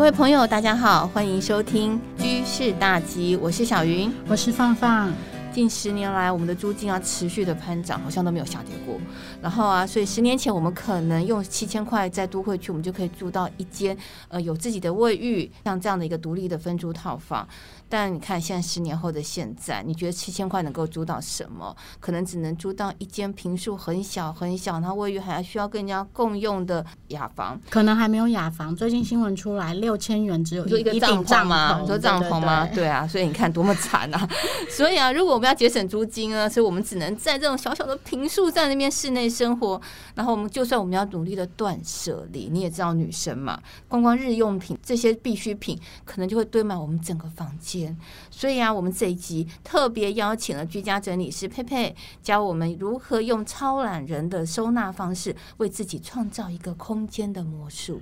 各位朋友，大家好，歡迎收聽《居士大吉》，我是小雲，我是芳芳。近十年來，我們的租金啊持續的攀漲，好像都沒有下跌過。然後啊，所以十年前我們可能用七千塊在都會區，我們就可以租到一間呃有自己的衛浴，像這樣的一個獨立的分租套房。但你看，現在十年後的現在，你覺得七千塊能夠租到什麼？可能只能租到一間坪數很小很小，然後衛浴還需要跟人家共用的雅房，可能還沒有雅房。最近新聞出來，六千元只有一,一個一頂帳篷，住帳篷嗎？對啊，所以你看多麼慘啊！ 所以啊，如果我們要節省租金啊，所以我們只能在這種小小的坪數在那邊室內生活。然後我們就算我們要努力的斷捨離，你也知道女生嘛，光光日用品這些必需品可能就會堆滿我們整個房間。所以啊，我們這一集特別邀請了居家整理師佩佩，教我們如何用超懶人的收納方式，為自己創造一個空間的魔術。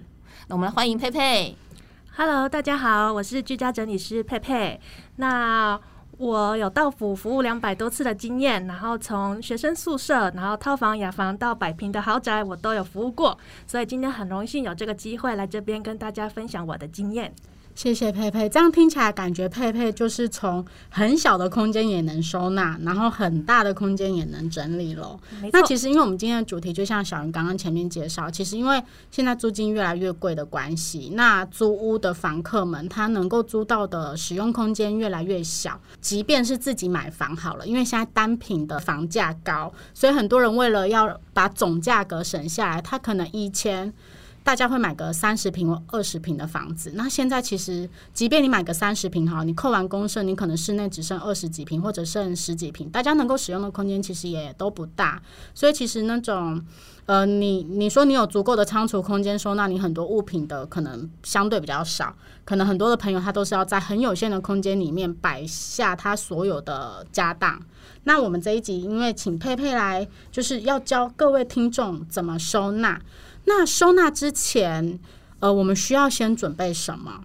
那我們來歡迎佩佩。Hello，大家好，我是居家整理師佩佩。那我有到府服務兩百多次的經驗，然後從學生宿舍，然後套房、雅房到百坪的豪宅，我都有服務過，所以今天很榮幸有這個機會來這邊跟大家分享我的經驗。謝謝佩佩，這樣聽起來感覺佩佩就是從很小的空間也能收納，然後很大的空間也能整理了。沒錯。那其實因為我們今天的主題，就像小雲剛剛前面介紹，其實因為現在租金越來越貴的關係，那租屋的房客們他能夠租到的使用空間越來越小。即便是自己買房好了，因為現在單坪的房價高，所以很多人為了要把總價格省下來，他可能一千。大家會買個三十坪或二十坪的房子。那現在其實，即便你買個三十坪哈，你扣完公設，你可能室內只剩二十幾坪或者剩十幾坪，大家能夠使用的空間其實也都不大。所以其實那種，呃，你你說你有足夠的倉儲空間收納你很多物品的，可能相對比較少。可能很多的朋友他都是要在很有限的空間裡面擺下他所有的家當。那我們這一集因為請佩佩來，就是要教各位聽眾怎麼收納。那收納之前，呃，我們需要先準備什麼？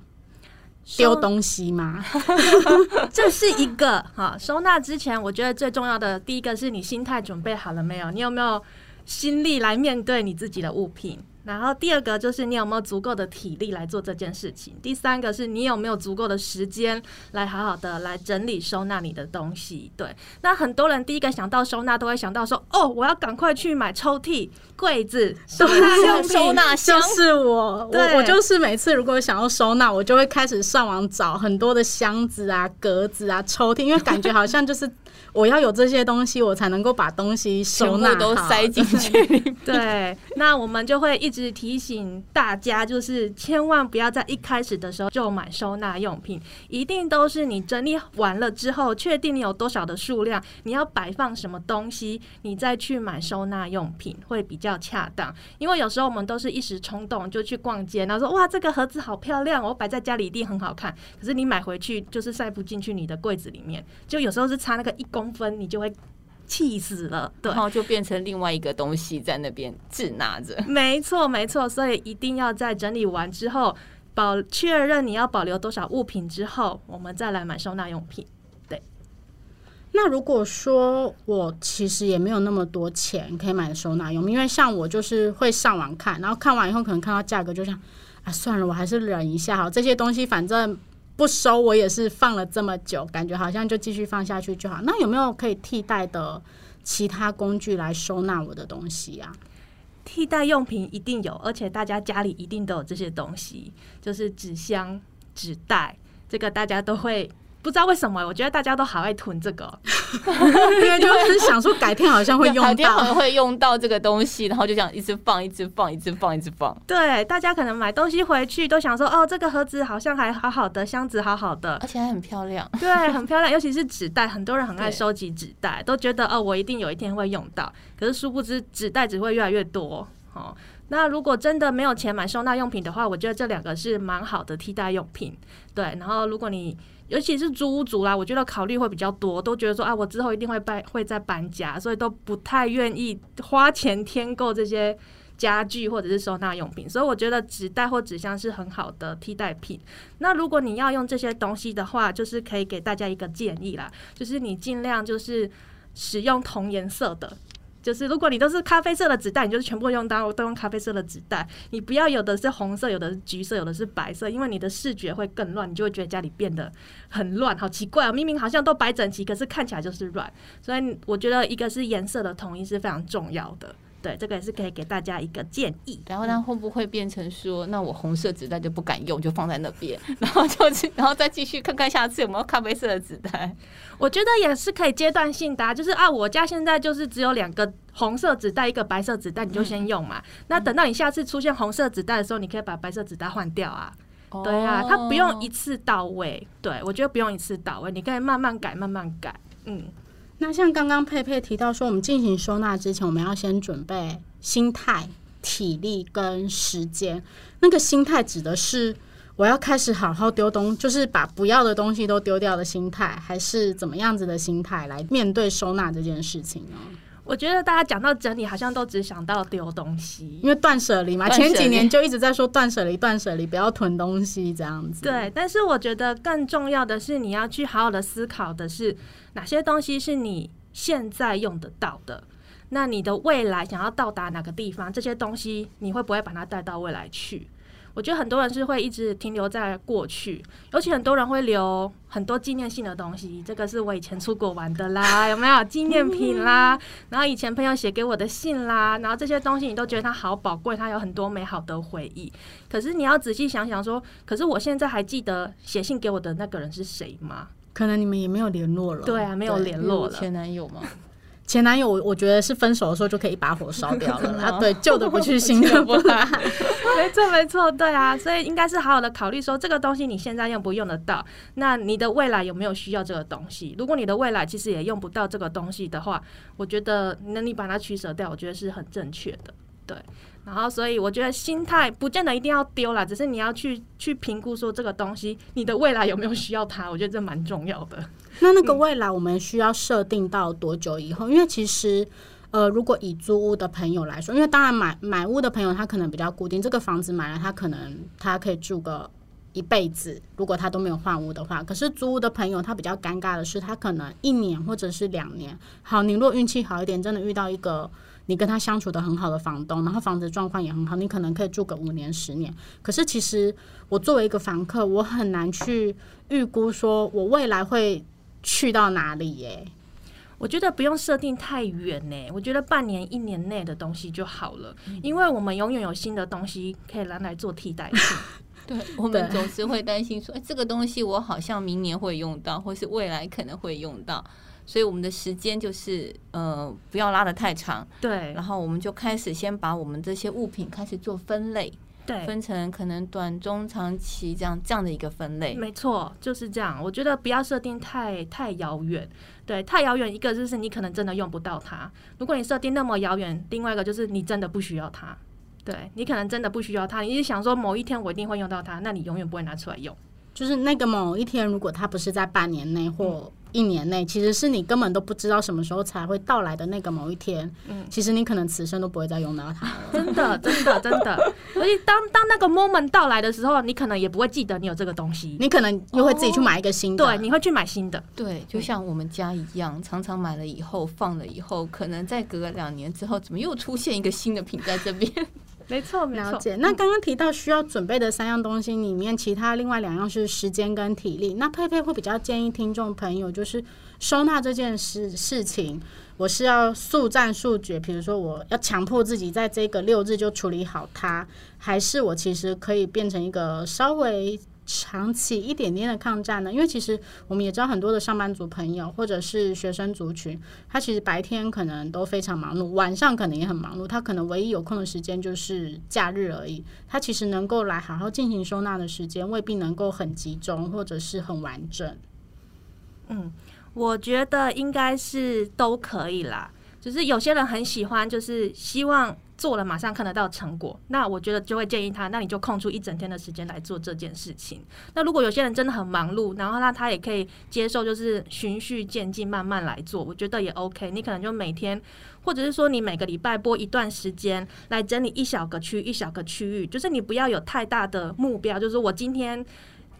丟東西嗎？收 這是一個。好，收納之前，我覺得最重要的第一個是你心態準備好了沒有？你有沒有心力來面對你自己的物品？然後第二個就是你有沒有足夠的體力來做這件事情？第三個是你有沒有足夠的時間來好好的來整理收納你的東西？對，那很多人第一個想到收納都會想到說哦，我要趕快去買抽屜、櫃子、收納箱。對收納箱就是我，箱對我，我就是每次如果想要收納，我就會開始上網找很多的箱子啊、格子啊、抽屜，因為感覺好像就是。 我要有這些東西，我才能夠把東西收納都塞進去。就是、 對，那我們就會一直提醒大家，就是千萬不要在一開始的時候就買收納用品。一定都是你整理完了之後，確定你有多少的數量，你要擺放什麼東西，你再去買收納用品會比較恰當。因為有時候我們都是一時衝動就去逛街，然後說哇，這個盒子好漂亮，我擺在家裡一定很好看。可是你買回去就是塞不進去你的櫃子裡面，就有時候是差那個一公分你就會氣死了，然後就變成另外一個東西在那邊滯納着。沒錯，沒錯，所以一定要在整理完之後，保確認你要保留多少物品之後，我們再來買收納用品。對，那如果說我其實也沒有那麼多錢可以買收納用品，因為像我就是會上網看，然後看完以後可能看到價格就想，啊，算了，我還是忍一下，好這些東西反正。不收我也是放了這麼久，感覺好像就繼續放下去就好。那有沒有可以替代的其他工具來收納我的東西啊？替代用品一定有，而且大家家裡一定都有這些東西，就是紙箱、紙袋，這個大家都會。不知道為什麼，我覺得大家都好愛囤這個，因為 對 就是想說改天好像會用到， 改天會會用到這個東西，然後就想一直放，一直放，一直放，一直放。對，大家可能買東西回去都想說，哦，這個盒子好像還好好的，箱子好好的，而且還很漂亮。對，很漂亮，尤其是紙袋，很多人很愛收集紙袋，對都覺得哦，我一定有一天會用到。可是殊不知，紙袋只會越來越多。哦，那如果真的沒有錢買收納用品的話，我覺得這兩個是蠻好的替代用品。對，然後如果你。尤其是租屋族啦，啊，我覺得考慮會比較多，都覺得說啊，我之後一定會搬，會再搬家，所以都不太願意花錢添購這些家具或者是收納用品。所以我覺得紙袋或紙箱是很好的替代品。那如果你要用這些東西的話，就是可以給大家一個建議啦，就是你盡量就是使用同顏色的。就是如果你都是咖啡色的紙袋，你就是全部用到都用咖啡色的紙袋，你不要有的是紅色，有的是橘色，有的是白色，因為你的視覺會更亂，你就會覺得家裡變得很亂，好奇怪啊、哦！明明好像都擺整齊，可是看起來就是亂。所以我覺得一個是顏色的統一是非常重要的。對，這個也是可以給大家一個建議。然後那會不會變成說，那我紅色紙袋就不敢用，就放在那邊，然後就然後再繼續看看下次有沒有咖啡色的紙袋？我覺得也是可以階段性的啊，就是啊，我家現在就是只有兩個紅色紙袋，一個白色紙袋，你就先用嘛。嗯、那等到你下次出現紅色紙袋的時候，你可以把白色紙袋換掉啊。哦、對啊，它不用一次到位。對，我覺得不用一次到位，你可以慢慢改，慢慢改。嗯。那像剛剛佩佩提到說，我們進行收納之前，我們要先準備心態、體力跟時間。那個心態指的是我要開始好好丟東西，就是把不要的東西都丟掉的心態，還是怎麼樣子的心態來面對收納這件事情呢、喔？我覺得大家講到整理，好像都只想到丟東西，因為斷捨離嘛。前幾年就一直在說斷捨離，斷捨離，不要囤東西這樣子。對，但是我覺得更重要的是，你要去好好的思考的是哪些東西是你現在用得到的，那你的未來想要到達哪個地方，這些東西你會不會把它帶到未來去？我覺得很多人是會一直停留在過去，尤其很多人會留很多紀念性的東西。這個是我以前出國玩的啦，有沒有紀念品啦？ 然後以前朋友寫給我的信啦，然後這些東西你都覺得它好寶貴，它有很多美好的回憶。可是你要仔細想想說，可是我現在還記得寫信給我的那個人是誰嗎？可能你們也沒有聯絡了。對啊，沒有聯絡了，前男友嘛。 前男友，我覺得是分手的時候就可以一把火燒掉了啊！ 對，舊的 不去，新的不來。 沒錯，沒錯，對啊，所以應該是好好的考慮說，這個東西你現在用不用得到？那你的未來有沒有需要這個東西？如果你的未來其實也用不到這個東西的話，我覺得那你把它取捨掉，我覺得是很正確的。對，然後所以我覺得心態不見得一定要丟了，只是你要去去評估說這個東西你的未來有沒有需要它，我覺得這蠻重要的。那那個未來我們需要設定到多久以後？嗯，因為其實，呃，如果以租屋的朋友來說，因為當然買買屋的朋友他可能比較固定，這個房子買了他可能他可以住個一輩子，如果他都沒有換屋的話。可是租屋的朋友他比較尷尬的是，他可能一年或者是兩年，好，你若運氣好一點，真的遇到一個。你跟他相處得很好的房東，然後房子狀況也很好，你可能可以住個五年、十年。可是其實我作為一個房客，我很難去預估說我未來會去到哪裡耶、欸。我覺得不用設定太遠呢、欸，我覺得半年、一年內的東西就好了，嗯、因為我們永遠有新的東西可以來來做替代 對，對我們總是會擔心說、欸，這個東西我好像明年會用到，或是未來可能會用到。所以我們的時間就是呃，不要拉得太長。對，然後我們就開始先把我們這些物品開始做分類。對，分成可能短、中、長期這樣這樣的一個分類。沒錯，就是這樣。我覺得不要設定太太遙遠。對，太遙遠，一個就是你可能真的用不到它。如果你設定那麼遙遠，另外一個就是你真的不需要它。對，你可能真的不需要它。你是想說某一天我一定會用到它，那你永遠不會拿出來用。就是那個某一天，如果它不是在半年內或、嗯。一年內其實是你根本都不知道什麼時候才會到來的那個某一天，嗯，其實你可能此生都不會再用到它了。真的，真的，真的。所以當當那個 moment 到來的時候，你可能也不會記得你有這個東西，你可能又會自己去買一個新的。Oh, 對，你會去買新的。對，就像我們家一樣，常常買了以後放了以後，可能再隔了兩年之後，怎麼又出現一個新的品在這邊？ 沒錯，了解。那剛剛提到需要準備的三樣東西裡面，嗯、其他另外兩樣是時間跟體力。那佩佩會比較建議聽眾朋友，就是收納這件事事情，我是要速戰速決，比如說我要強迫自己在這個六日就處理好它，還是我其實可以變成一個稍微。長期一點點的抗戰呢？因為其實我們也知道很多的上班族朋友或者是學生族群，他其實白天可能都非常忙碌，晚上可能也很忙碌，他可能唯一有空的時間就是假日而已。他其實能夠來好好進行收納的時間，未必能夠很集中或者是很完整。嗯，我覺得應該是都可以啦，只、就是有些人很喜歡，就是希望。做了馬上看得到成果，那我覺得就會建議他，那你就空出一整天的時間來做這件事情。那如果有些人真的很忙碌，然後那他也可以接受，就是循序漸進，慢慢來做，我覺得也 OK。你可能就每天，或者是說你每個禮拜撥一段時間來整理一小個區、一小個區域，就是你不要有太大的目標，就是我今天。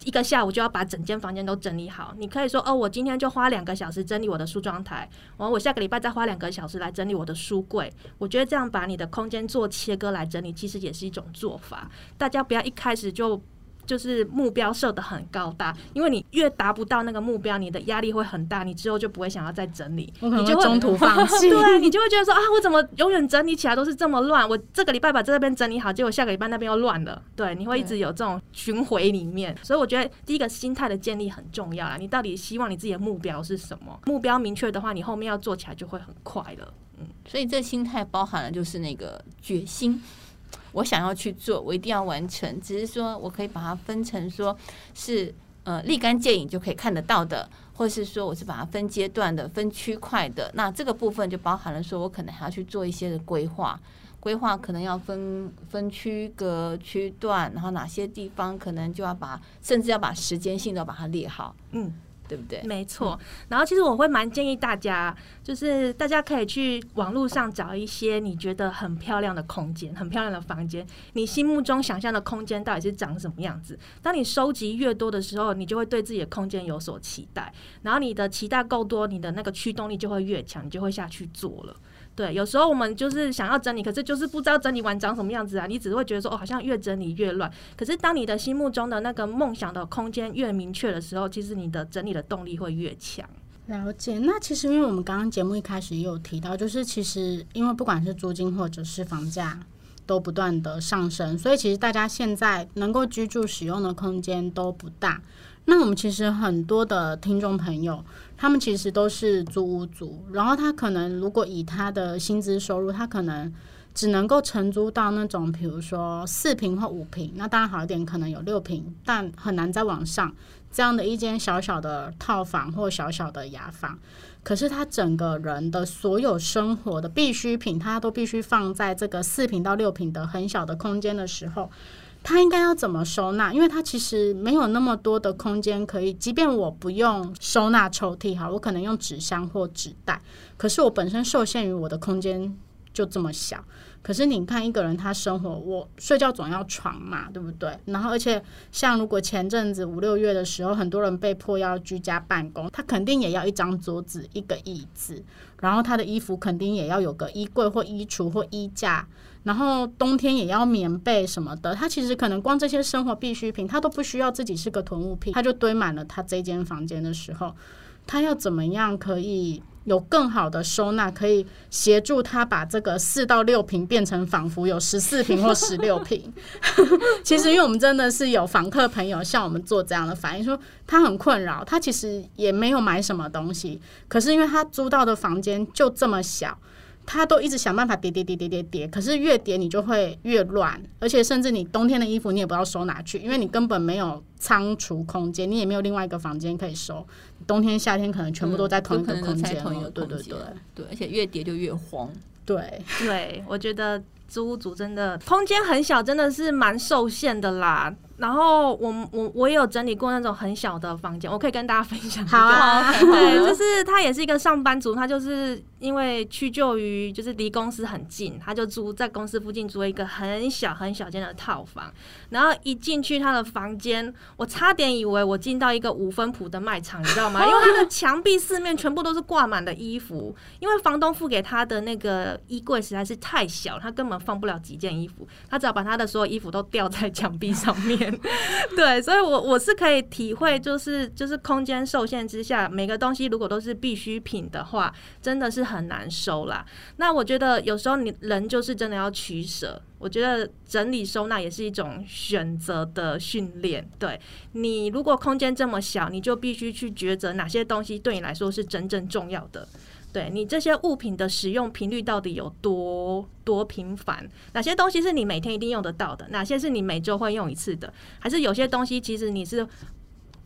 一個下午就要把整間房間都整理好。你可以說哦，我今天就花兩個小時整理我的梳妝台，然後、哦、我下個禮拜再花兩個小時來整理我的書櫃。我覺得這樣把你的空間做切割來整理，其實也是一種做法。大家不要一開始就。就是目標設得很高大，因為你越達不到那個目標，你的壓力會很大，你之後就不會想要再整理，你就中途放棄。對，你就會覺得說 啊，我怎麼永遠整理起來都是這麼亂？我這個禮拜把這邊整理好，結果下個禮拜那邊又亂了。對，你會一直有這種循環裡面。對所以我覺得第一個心態的建立很重要啊，你到底希望你自己的目標是什麼？目標明確的話，你後面要做起來就會很快了。嗯，所以這心態包含了就是那個決心。我想要去做，我一定要完成。只是說，我可以把它分成，說是呃立竿見影就可以看得到的，或者是說，我是把它分階段的、分區塊的。那這個部分就包含了說，我可能還要去做一些的規劃，規劃可能要分分區隔區段，然後哪些地方可能就要把，甚至要把時間性都要把它列好。嗯。對不對？沒錯。嗯，然後其實我會蠻建議大家，就是大家可以去網路上找一些你覺得很漂亮的空間，很漂亮的房間。你心目中想象的空間到底是長什麼樣子？當你收集越多的時候，你就會對自己的空間有所期待。然後你的期待夠多，你的那個驅動力就會越強，你就會下去做了。對，有時候我們就是想要整理，可是就是不知道整理完長什麼樣子啊。你只會覺得說，哦，好像越整理越亂。可是當你的心目中的那個夢想的空間越明確的時候，其實你的整理的動力會越強。了解。那其實因為我們剛剛節目一開始也有提到，就是其實因為不管是租金或者是房價都不斷的上升，所以其實大家現在能夠居住使用的空間都不大。那我們其實很多的聽眾朋友。他們其實都是租屋族，然後他可能如果以他的薪資收入，他可能只能夠承租到那種，比如說四坪或五坪，那當然好一點，可能有六坪，但很難再往上，這樣的一間小小的套房或小小的雅房，可是他整個人的所有生活的必需品，他都必須放在這個四坪到六坪的很小的空間的時候，他應該要怎麼收納？因為他其實沒有那麼多的空間可以。即便我不用收納抽屜哈，我可能用紙箱或紙袋。可是我本身受限於我的空間就這麼小。可是你看一個人他生活，我睡覺總要床嘛，對不對？然後而且像如果前陣子五六月的時候，很多人被迫要居家辦公，他肯定也要一張桌子、一個椅子。然後他的衣服肯定也要有個衣櫃或衣櫥或衣架。然後冬天也要棉被什麼的，他其實可能光這些生活必需品，他都不需要自己是個囤物癖，他就堆滿了他這間房間的時候，他要怎麼樣可以有更好的收納，可以協助他把這個四到六坪變成仿佛有十四坪或十六坪？ 其實，因為我們真的是有房客朋友向我們做這樣的反映，說他很困擾，他其實也沒有買什麼東西，可是因為他租到的房間就這麼小。它都一直想辦法疊疊疊疊疊疊，可是越疊你就會越亂，而且甚至你冬天的衣服你也不知道收哪去，因為你根本沒有倉儲空間，你也沒有另外一個房間可以收。冬天夏天可能全部都在同一個空間，哦嗯個空間哦，對對對，對，對，而且越疊就越慌。對對，我覺得租屋族真的空間很小，真的是蠻受限的啦。然後我我我也有整理過那種很小的房間，我可以跟大家分享一下。好啊，對， 就是他也是一個上班族，他就是因為屈就於就是離公司很近，他就租在公司附近租了一個很小很小間的套房。然後一進去他的房間，我差點以為我進到一個五分埔的賣場，你知道嗎？因為他的牆壁四面全部都是掛滿的衣服。因為房東付給他的那個衣櫃實在是太小，他根本放不了幾件衣服，他只好把他的所有衣服都吊在牆壁上面。 對，所以我，我我是可以體會，就是就是空間受限之下，每個東西如果都是必需品的話，真的是很難收啦。那我覺得有時候你人就是真的要取捨。我覺得整理收納也是一種選擇的訓練。對，你如果空間這麼小，你就必須去抉擇哪些東西對你來說是真正重要的。對，你這些物品的使用頻率到底有多多頻繁？哪些東西是你每天一定用得到的？哪些是你每周會用一次的？還是有些東西其實你是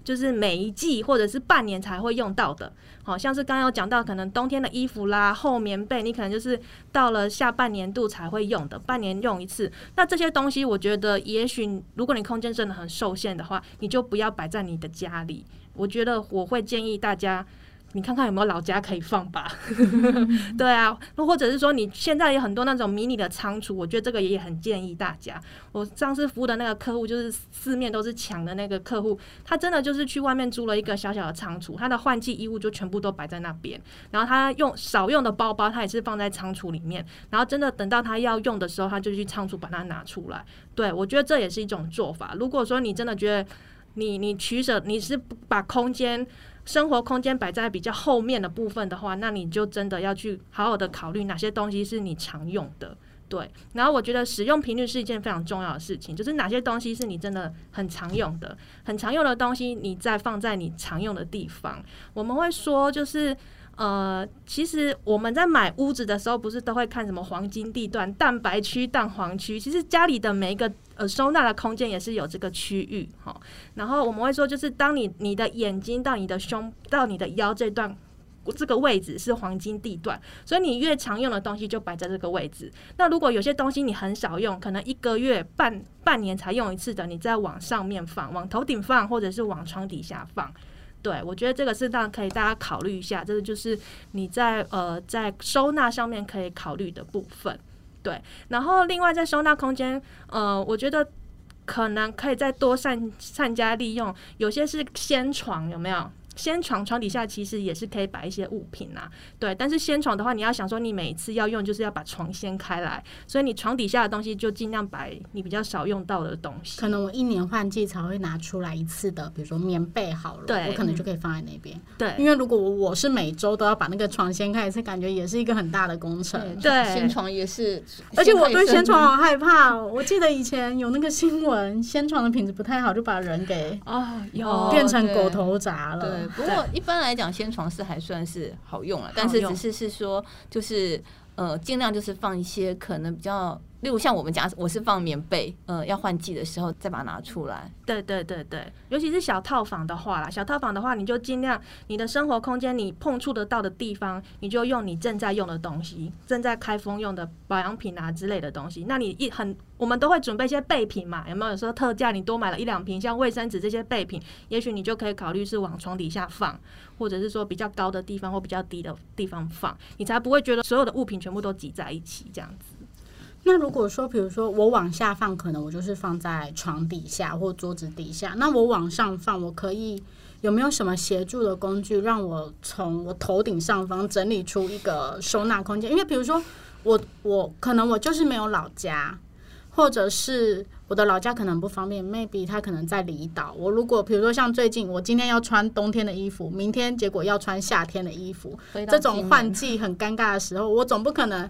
就是每一季或者是半年才會用到的？好像是剛剛有講到可能冬天的衣服啦、厚棉被，你可能就是到了下半年度才會用的，半年用一次。那這些東西，我覺得也許如果你空間真的很受限的話，你就不要擺在你的家裡。我覺得我會建議大家。你看看有沒有老家可以放吧，嗯嗯、 對啊，那或者是說，你現在有很多那種迷你的倉儲，我覺得這個也很建議大家。我上次服務的那個客戶就是四面都是牆的那個客戶，他真的就是去外面租了一個小小的倉儲，他的換季衣物就全部都擺在那邊，然後他用少用的包包，他也是放在倉儲裡面，然後真的等到他要用的時候，他就去倉儲把它拿出來。對，我覺得這也是一種做法。如果說你真的覺得你你取捨，你是把空間，生活空間擺在比較後面的部分的話，那你就真的要去好好的考慮哪些東西是你常用的，對。然後我覺得使用頻率是一件非常重要的事情，就是哪些東西是你真的很常用的，很常用的東西，你再放在你常用的地方。我們會說就是。呃，其實我們在買屋子的時候，不是都會看什麼黃金地段、蛋白區、蛋黃區？其實家裡的每一個呃收納的空間也是有這個區域哈。然後我們會說，就是當你你的眼睛到你的胸到你的腰這段這個位置是黃金地段，所以你越常用的東西就擺在這個位置。那如果有些東西你很少用，可能一個月半半年才用一次的，你再往上面放，往頭頂放，或者是往床底下放。對，我覺得這個是當然可以大家考慮一下，這個就是你在呃在收納上面可以考慮的部分。對，然後另外在收納空間，呃，我覺得可能可以再多善善加利用，有些是先床有沒有？先床床底下其實也是可以擺一些物品啊。對。但是先床的話，你要想說你每次要用，就是要把床掀開來，所以你床底下的東西就盡量擺你比較少用到的東西。可能我一年換季才會拿出來一次的，比如說棉被好了，對我可能就可以放在那邊，嗯。對，因為如果我是每周都要把那個床掀開，是感覺也是一個很大的工程。對，掀對床也是，而且我對掀床好害怕。哦。我記得以前有那個新聞，掀 床的品質不太好，就把人給啊，有變成狗頭鍘了。哦，對對不過，一般來講，掀床是還算是好用了、啊，用但是只是是說，就是呃，儘量就是放一些可能比較。例如像我們家，我是放棉被，嗯、呃，要換季的時候再把它拿出來。對對對對，尤其是小套房的話啦，小套房的話，你就盡量你的生活空間你碰觸得到的地方，你就用你正在用的東西，正在開封用的保養品啊之類的東西。那你一很，我們都會準備一些備品嘛，有沒有說特價你多買了一兩瓶，像衛生紙這些備品，也許你就可以考慮是往床底下放，或者是說比較高的地方或比較低的地方放，你才不會覺得所有的物品全部都擠在一起這樣子。那如果說，比如說我往下放，可能我就是放在床底下或桌子底下。那我往上放，我可以有沒有什麼協助的工具，讓我從我頭頂上方整理出一個收納空間？因為比如說，我我可能我就是沒有老家，或者是我的老家可能不方便，maybe 他可能在離島。我如果比如說像最近，我今天要穿冬天的衣服，明天結果要穿夏天的衣服，這種換季很尷尬的時候，我總不可能。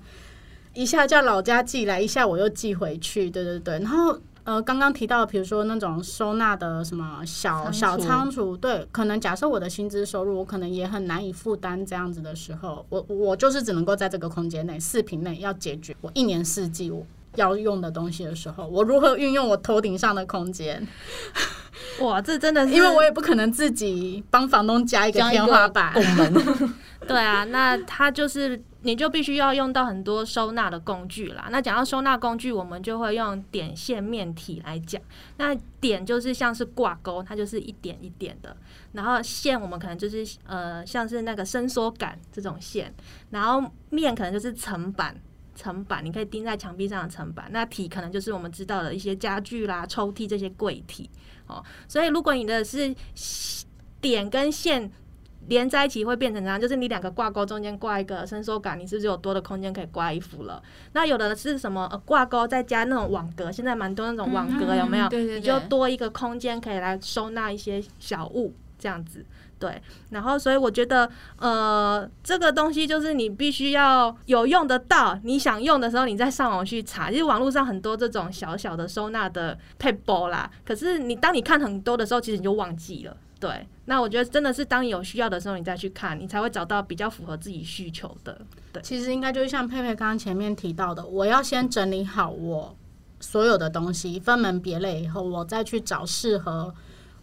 一下叫老家寄來，一下我又寄回去，對對對。然後呃，剛剛提到的，比如說那種收納的什麼小桌小倉儲，對，可能假設我的薪資收入，我可能也很難以負擔這樣子的時候，我我就是只能夠在這個空間內、四坪內要解決我一年四季我要用的東西的時候，我如何運用我頭頂上的空間？哇，這真的是，因為我也不可能自己幫房東加一個天花板 對啊，那他就是。你就必須要用到很多收納的工具啦。那講到收納工具，我們就會用點線面體來講。那點就是像是掛鈎，它就是一點一點的。然後線，我們可能就是呃像是那個伸縮桿這種線。然後面可能就是層板，層板你可以釘在牆壁上的層板。那體可能就是我們知道的一些家具啦、抽屜這些櫃體。哦，所以如果你的是點跟線，連在一起會變成這樣，就是你兩個掛鈎中間掛一個伸縮桿，你是不是有多的空間可以掛衣服了？那有的是什麼呃，掛鈎再加那種網格，現在蠻多那種網格，嗯嗯、有沒有？嗯、對對對，你就多一個空間可以來收納一些小物，這樣子。對，然後所以我覺得，呃，這個東西就是你必須要有用得到，你想用的時候，你再上網去查。就是網絡上很多這種小小的收納的撇步啦，可是你當你看很多的時候，其實你就忘記了。對，那我覺得真的是當你有需要的時候，你再去看，你才會找到比較符合自己需求的。對，其實應該就是像佩佩剛剛前面提到的，我要先整理好我所有的東西，分門別類以後，我再去找適合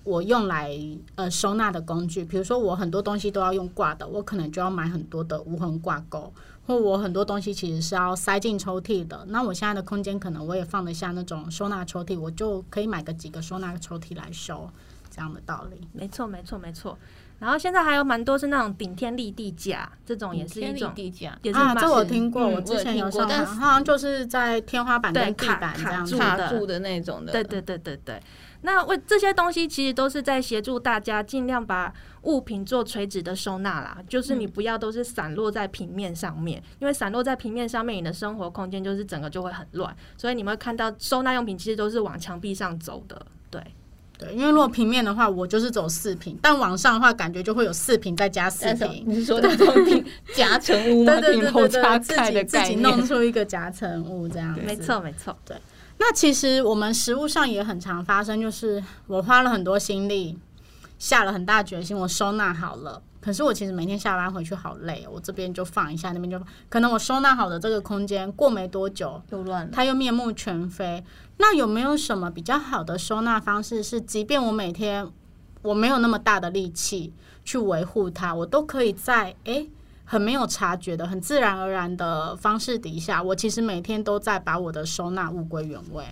我用來呃收納的工具。比如說，我很多東西都要用掛的，我可能就要買很多的無痕掛鈎；或我很多東西其實是要塞進抽屜的，那我現在的空間可能我也放得下那種收納抽屜，我就可以買個幾個收納抽屜來收。這樣的道理，沒錯，沒錯，沒錯。然後現在還有蠻多是那種頂天立地架，這種也是一種頂天立地架，啊，這我聽過，嗯、我之前有上，但是好像就是在天花板跟地板上住，住的那種的。對對對對對。那為這些東西其實都是在協助大家儘量把物品做垂直的收納啦，就是你不要都是散落在平面上面，嗯、因為散落在平面上面，你的生活空間就是整個就會很亂。所以你們看到收納用品其實都是往牆壁上走的。對，因為如果平面的話，嗯、我就是走四坪，但往上的話，感覺就會有四坪再加四坪。是你是說的那種夾層 物，夾 對，對對對對，自己， 自己弄出一個夾層屋這樣，沒錯沒錯，對。錯那其實我們實務上也很常發生，就是我花了很多心力，下了很大決心，我收納好了。可是我其實每天下班回去好累，我這邊就放一下，那邊就放。可能我收納好的這個空間過沒多久又亂，You run. 它又面目全非。那有沒有什麼比較好的收納方式，是即便我每天我沒有那麼大的力氣去維護它，我都可以在誒、欸、很沒有察覺的、很自然而然的方式底下，我其實每天都在把我的收納物歸原位。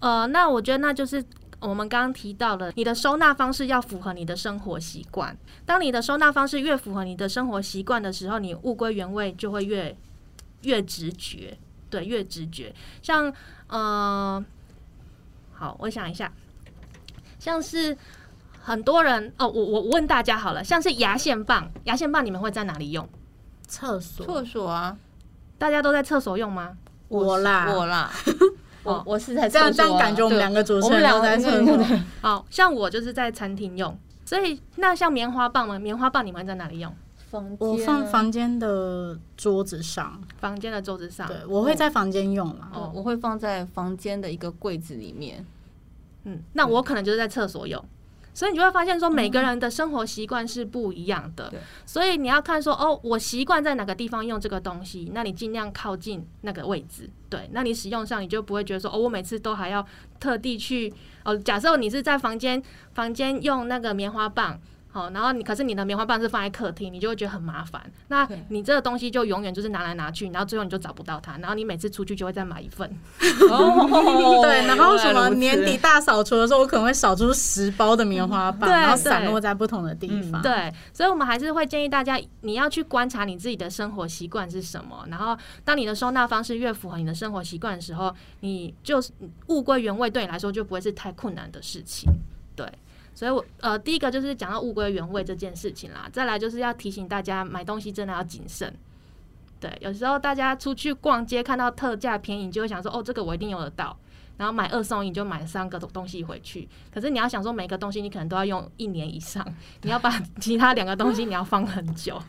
呃，那我覺得那就是。我們剛剛提到了你的收納方式要符合你的生活習慣。當你的收納方式越符合你的生活習慣的時候，你物歸原位就會越越直覺，對，越直覺。像，嗯、呃……好，我想一下，像是很多人哦，我我問大家好了，像是牙線棒，牙線棒你們會在哪裡用？廁所，廁所啊？大家都在廁所用嗎？我啦，我啦。我、oh, 我是在這樣這樣感覺我們兩個主持人對們兩個在這裡，好、oh, 像我就是在餐廳用，所以那像棉花棒嗎？棉花棒你們在哪裡用？間我放房間的桌子上，房間的桌子上，對我會在房間用嘛，oh. Oh. 我會放在房間的一個櫃子裡面。嗯，那我可能就是在廁所用。所以你就會發現，說，每個人的生活習慣是不一樣的。嗯、對。所以你要看說，哦，我習慣在哪個地方用這個東西，那你盡量靠近那個位置。對。那你使用上，你就不會覺得說，哦，我每次都還要特地去。哦，假設你是在房間，房間用那個棉花棒。好，然後你可是你的棉花棒是放在客廳，你就會覺得很麻煩。那你這個東西就永遠就是拿來拿去，然後最後你就找不到它。然後你每次出去就會再買一份。Oh, 對，然後什麼年底大掃除的時候，我可能會掃出十包的棉花棒，嗯啊、然後散落在不同的地方、嗯。對，所以我們還是會建議大家，你要去觀察你自己的生活習慣是什麼。然後，當你的收納方式越符合你的生活習慣的時候，你就是物歸原位，對你來說就不會是太困難的事情。對。所以我，我呃，第一個就是講到物歸原位這件事情啦，再來就是要提醒大家買東西真的要謹慎。對，有時候大家出去逛街看到特價便宜，你就會想說：“哦，這個我一定用得到。”然後買二送一，就買三個東東西回去。可是你要想說，每個東西你可能都要用一年以上，你要把其他兩個東西你要放很久。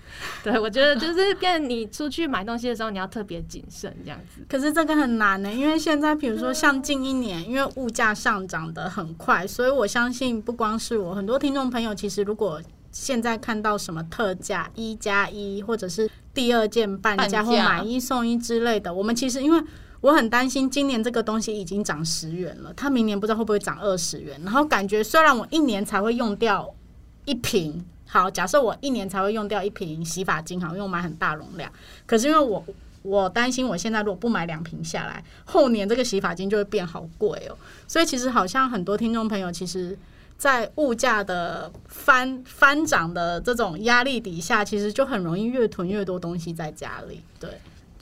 對，我覺得就是跟你出去買東西的時候你要特別謹慎這樣子。可是這個很難的、欸，因為現在比如說像近一年，因為物價上漲得很快，所以我相信不光是我，很多聽眾朋友其實如果現在看到什麼特價一加一，或者是第二件半價或買一送一之類的，我們其實因為。我很擔心，今年這個東西已經漲十元了，它明年不知道會不會漲二十元。然後感覺雖然我一年才會用掉一瓶，好，假設我一年才會用掉一瓶洗髮精，好像我買很大容量。可是因為我我擔心，我現在如果不買兩瓶下來，後年這個洗髮精就會變好貴哦。所以其實好像很多聽眾朋友，其實，在物價的翻翻漲的這種壓力底下，其實就很容易越囤越多東西在家裡。對。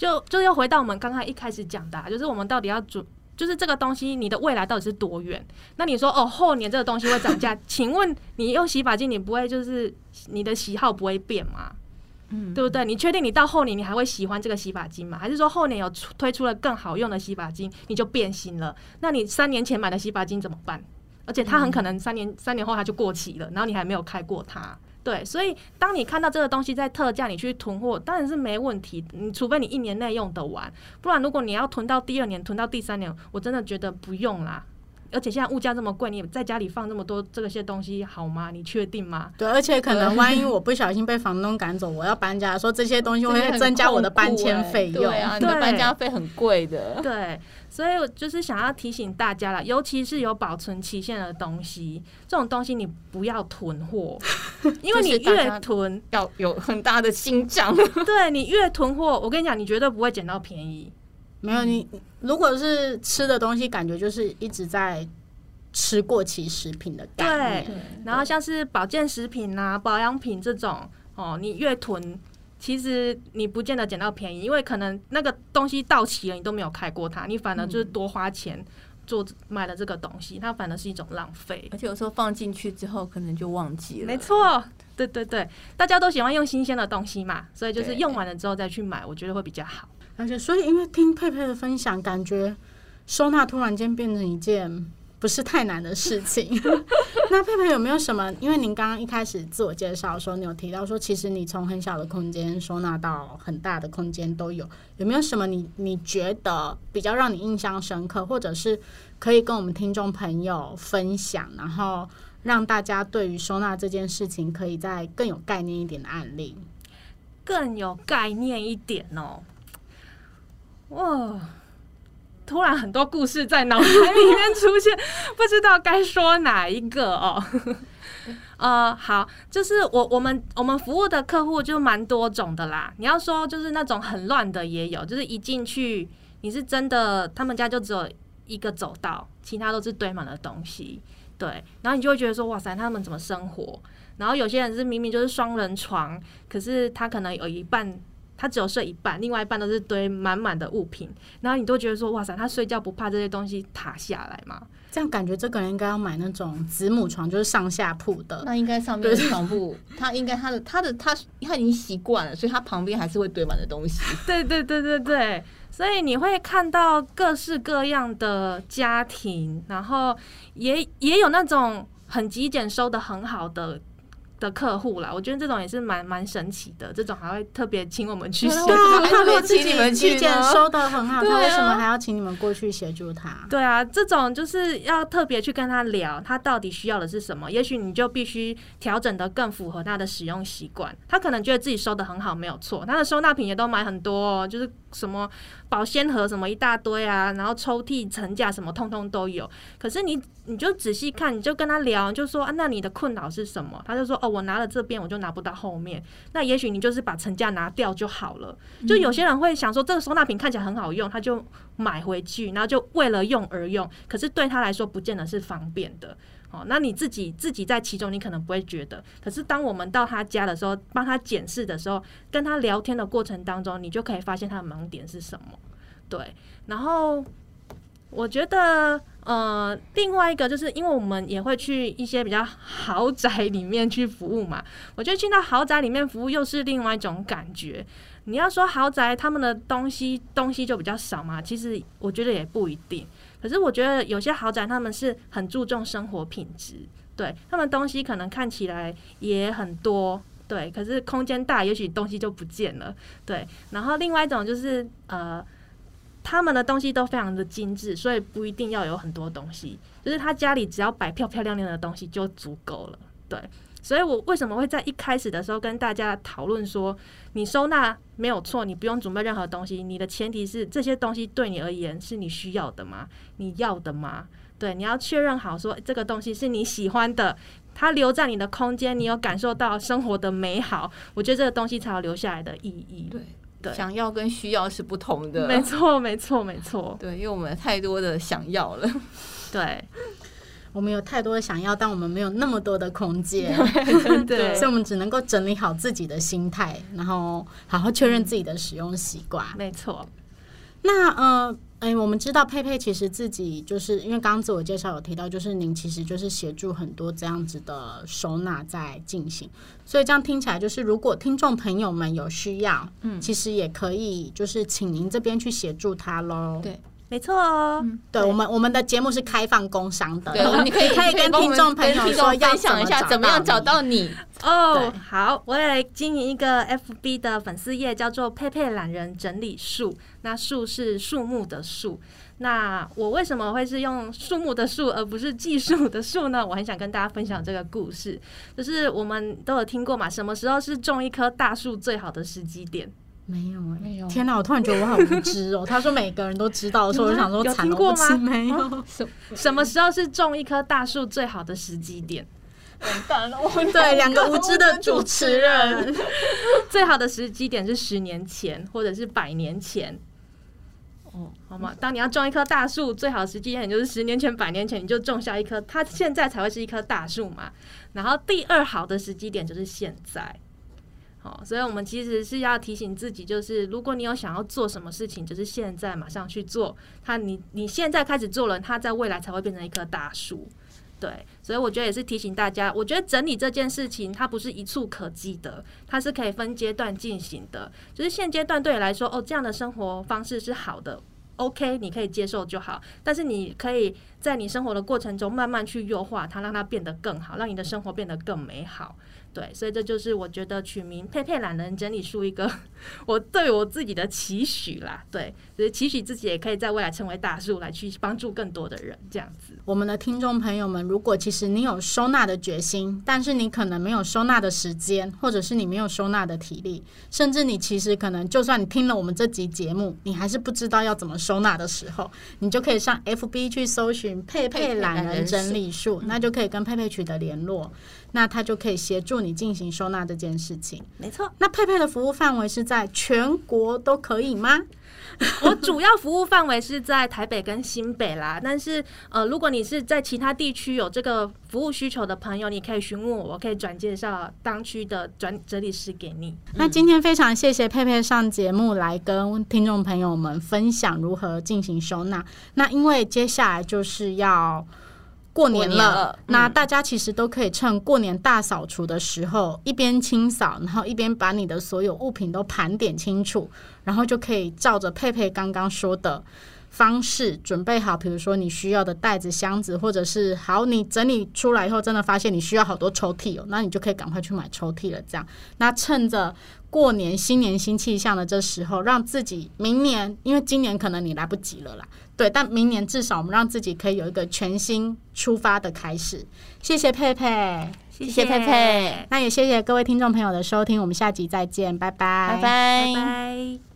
就就又回到我們剛才一開始講的、啊，就是我們到底要準，就是這個東西你的未來到底是多遠？那你說哦後年這個東西會漲價， 請問你用洗髮精你不會就是你的喜好不會變嗎？嗯，對不對？你確定你到後年你還會喜歡這個洗髮精嗎？還是說後年有推出了更好用的洗髮精你就變心了？那你三年前買的洗髮精怎麼辦？而且它很可能三年、嗯、三年後它就過期了，然後你還沒有開過它。對，所以當你看到這個東西在特價，你去囤貨當然是沒問題。你除非你一年內用得完，不然如果你要囤到第二年，囤到第三年，我真的覺得不用啦。而且現在物價這麼貴，你在家裡放那麼多這些東西好嗎？你確定嗎？對，而且可能萬一我不小心被房東趕走， 我要搬家，說這些東西會增加我的搬遷費用。欸、對、啊、你的搬家費很貴的。對，所以我就是想要提醒大家了，尤其是有保存期限的東西，這種東西你不要囤貨，因為你越囤 要有很大的心臟， 對你越囤貨，我跟你講，你絕對不會撿到便宜。沒有你，如果是吃的東西，感覺就是一直在吃過期食品的感覺。對，然後像是保健食品啊、保養品這種哦，你越囤，其實你不見得撿到便宜，因為可能那個東西到期了，你都沒有開過它，你反而就是多花錢做買了這個東西，它反而是一種浪費。而且有時候放進去之後，可能就忘記了。沒錯，對對對，大家都喜歡用新鮮的東西嘛，所以就是用完了之後再去買，我覺得會比較好。而且，所以因為聽佩佩的分享，感覺收納突然間變成一件不是太難的事情。 那佩佩有沒有什麼？因為您剛剛一開始自我介紹說，你有提到說，其實你從很小的空間收納到很大的空間都有。有沒有什麼你你覺得比較讓你印象深刻，或者是可以跟我們聽眾朋友分享，然後讓大家對於收納這件事情，可以再更有概念一點的案例，更有概念一點哦。哇！突然很多故事在腦海裡面出現， 不知道該說哪一個哦呵呵。呃，好，就是我我們我們服務的客戶就蠻多種的啦。你要說就是那種很亂的也有，就是一進去你是真的，他們家就只有一個走道，其他都是堆滿的東西。對，然後你就會覺得說哇塞，他們怎麼生活？然後有些人是明明就是雙人床，可是他可能有一半。他只有睡一半，另外一半都是堆滿滿的物品，然後你都覺得說，哇塞，他睡覺不怕這些東西塌下來嗎？這樣感覺這個人應該要買那種子母床，就是上下鋪的。那應該上面是床鋪對，他應該他的他的他他已經習慣了，所以他旁邊還是會堆滿的東西。對對對對對，所以你會看到各式各樣的家庭，然後也也有那種很極簡收的很好的。的客戶啦，我覺得這種也是蠻蠻神奇的。這種還會特別請我們去協助，特別請你們去接收得很好。啊、他為什麼還要請你們過去協助他？對啊，這種就是要特別去跟他聊，他到底需要的是什麼？也許你就必須調整得更符合他的使用習慣。他可能覺得自己收得很好，沒有錯，他的收納品也都買很多，哦，就是。什麼保鮮盒什麼一大堆啊，然後抽屜、層架什麼通通都有。可是你你就仔細看，你就跟他聊，你就說啊，那你的困擾是什麼？他就說哦，我拿了這邊我就拿不到後面。那也許你就是把層架拿掉就好了。就有些人會想說，這個收納品看起來很好用，他就買回去，然後就為了用而用。可是對他來說，不見得是方便的。哦，那你自己自己在其中，你可能不會覺得。可是當我們到他家的時候，幫他檢視的時候，跟他聊天的過程當中，你就可以發現他的盲點是什麼。對，然後我覺得，呃，另外一個就是，因為我們也會去一些比較豪宅裡面去服務嘛。我覺得進到豪宅裡面服務，又是另外一種感覺。你要說豪宅，他們的東西東西就比較少嘛？其實我覺得也不一定。可是我覺得有些豪宅，他們是很注重生活品質，對，他們東西可能看起來也很多，對，可是空間大，也許東西就不見了，對。然後另外一種就是呃，他們的東西都非常的精緻，所以不一定要有很多東西，就是他家裡只要擺漂漂亮亮的東西就足夠了，對。所以我為什麼會在一開始的時候跟大家討論說，你收納沒有錯，你不用準備任何東西。你的前提是這些東西對你而言是你需要的嗎？你要的嗎？對，你要確認好說這個東西是你喜歡的，它留在你的空間，你有感受到生活的美好，我覺得這個東西才有留下來的意義。對對，對想要跟需要是不同的。沒錯，沒錯，沒錯。對，因為我們太多的想要了。對。我們有太多的想要，但我們沒有那麼多的空間，對,對,對， 所以我們只能夠整理好自己的心態，然後好好確認自己的使用習慣。沒錯。那呃，哎、欸，我們知道佩佩其實自己就是因為剛剛自我介紹有提到，就是您其實就是協助很多這樣子的收納在進行，所以這樣聽起來就是，如果聽眾朋友們有需要，嗯，其實也可以就是請您這邊去協助他嘍。對。沒錯哦，嗯、對，對我，我們我們的節目是開放工商的，對，對你可以可以跟聽眾朋友說，要分享一下怎麼樣找到你哦。Oh, 對好，我也來經營一個 FB 的粉絲頁，叫做佩佩懶人整理樹。那樹是樹木的樹，那我為什麼會是用樹木的樹，而不是技術的術呢？我很想跟大家分享這個故事，就是我們都有聽過嘛，什麼時候是種一棵大樹最好的時機點？沒有，沒有。天吶，我突然覺得我好無知哦。 他說每個人都知道的時候， 我就想說，慘了，無知沒有、啊。什麼時候是種一棵大樹最好的時機點？完蛋了，我。對，兩個無知的主持人。持人 最好的時機點是十年前，或者是百年前。哦，好嗎？嗯、當你要種一棵大樹，最好的時機點就是十年前、百年前，你就種下一棵，它現在才會是一棵大樹嘛。然後第二好的時機點就是現在。哦，所以我們其實是要提醒自己，就是如果你有想要做什麼事情，就是現在馬上去做。它你你現在開始做了，它在未來才會變成一棵大樹。對，所以我覺得也是提醒大家，我覺得整理這件事情，它不是一蹴可及的，它是可以分階段進行的。就是現階段對你來說，哦，這樣的生活方式是好的，OK，你可以接受就好。但是你可以在你生活的過程中慢慢去優化它，讓它變得更好，讓你的生活變得更美好。對，所以這就是我覺得取名佩佩懶人整理樹一個我對我自己的期許啦。對，所以期許自己也可以在未來成為大樹，來去幫助更多的人這樣子。我們的聽眾朋友們，如果其實你有收納的決心，但是你可能沒有收納的時間，或者是你沒有收納的體力，甚至你其實可能就算你聽了我們這集節目，你還是不知道要怎麼收納的時候，你就可以上 FB 去搜尋佩佩懶人整理樹，那就可以跟佩佩取得聯絡。那他就可以協助你進行收納這件事情。沒錯，那佩佩的服務範圍是在全國都可以嗎？ 我主要服務範圍是在台北跟新北啦，但是呃，如果你是在其他地區有這個服務需求的朋友，你可以詢問我，我可以轉介紹當區的轉整理師給你。嗯、那今天非常謝謝佩佩上節目來跟聽眾朋友們分享如何進行收納。那因為接下來就是要過年了，過年了，那大家其實都可以趁過年大掃除的時候，一邊清掃，然後一邊把你的所有物品都盤點清楚，然後就可以照着佩佩剛剛說的方式準備好。比如說你需要的袋子、箱子，或者是好，你整理出來以後，真的發現你需要好多抽屜哦、喔，那你就可以趕快去買抽屜了。這樣，那趁着過年、新年新氣象的這時候，讓自己明年，因為今年可能你來不及了啦。對，但明年至少我們讓自己可以有一個全新出發的開始。謝謝佩佩，謝謝，謝謝佩佩，那也謝謝各位聽眾朋友的收聽，我們下集再見，拜拜，拜拜，拜拜，拜拜。